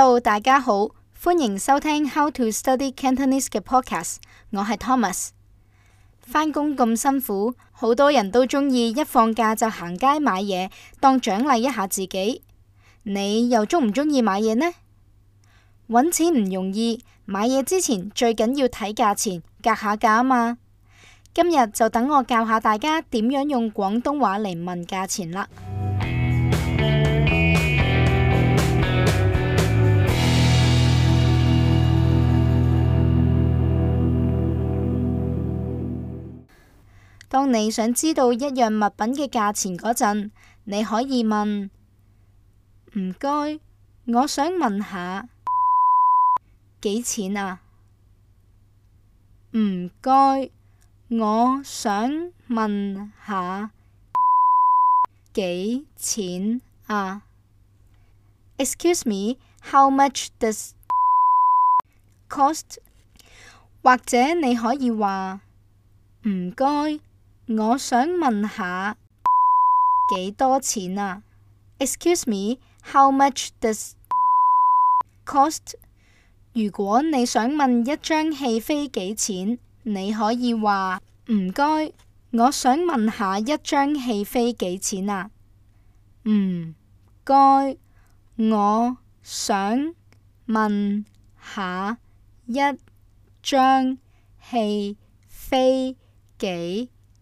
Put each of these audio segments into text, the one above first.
Hello 大家好，歡迎收聽《How to Study Cantonese》嘅 Podcast，我係 Thomas。翻工咁辛苦，好多人都中意一放假就行街買嘢當獎勵一下自己。你又中唔中意買嘢呢？揾錢唔容易，買嘢之前最緊要睇價錢，格下價啊嘛。今日就等我教下大家點樣用廣東話嚟問價錢啦。當你想知道一樣物品嘅價錢嗰陣，你可以問，唔該，我想問下幾錢啊？唔該，我想問下幾錢啊？Excuse me，how much this cost？或者你可以話，唔該。我想問下幾多錢啊？Excuse me，how much this cost？如果你想問一張戲飛幾錢，你可以話唔該，我想問下一張戲飛幾錢啊？唔該，我想問下一張戲飛幾、啊？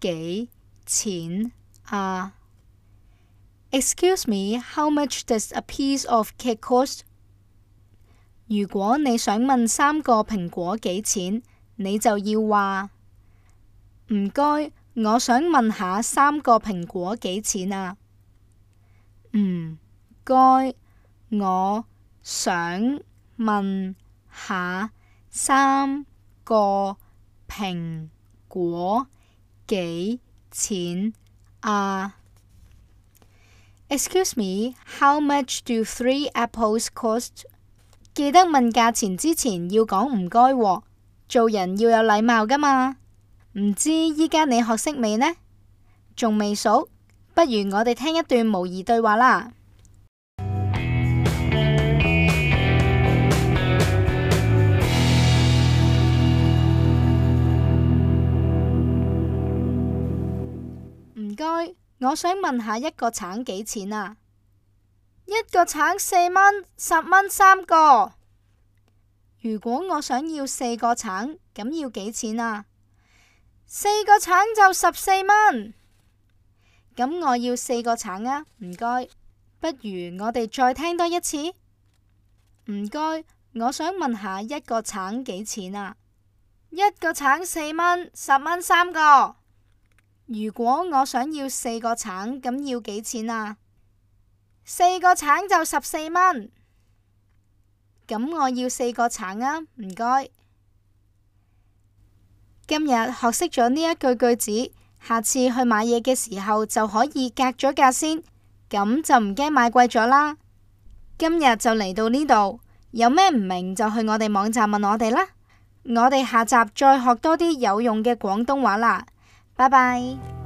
幾錢啊？Excuse me，how much does a piece of cake cost？如果你想問三個蘋果幾錢，你就要話唔該，我想問下三個蘋果幾錢啊？唔該，我想問下三個蘋果幾錢啊。幾錢啊，excuse me，how much do three apples cost？記得問價錢之前要講唔該喎，做人要有禮貌㗎嘛。唔知依家你學識未呢？仲未熟，不如我哋聽一段模擬對話啦。我想問下一個橙幾錢啊？一個橙四蚊，十蚊三個。如果我想要四個橙，咁要幾錢啊？四個橙就十四蚊。咁我要四個橙啊！唔該，不如我哋再聽多一次。唔該，我想問下一個橙幾錢啊？一個橙四蚊，十蚊三個。如果我想要四個橙，咁要幾錢啊？四個橙就十四蚊。咁我要四個橙啊，唔該。今日學識咗呢一句句子，下次去買嘢嘅時候就可以格咗價先，咁就唔驚買貴咗啦。今日就嚟到呢度，有咩唔明就去我哋網站問我哋啦。我哋下集再學多啲有用嘅廣東話啦。拜拜。